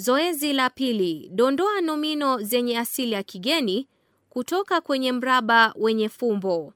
Zoezi la pili, dondoa nomino zenye asili ya kigeni kutoka kwenye mraba wenye fumbo.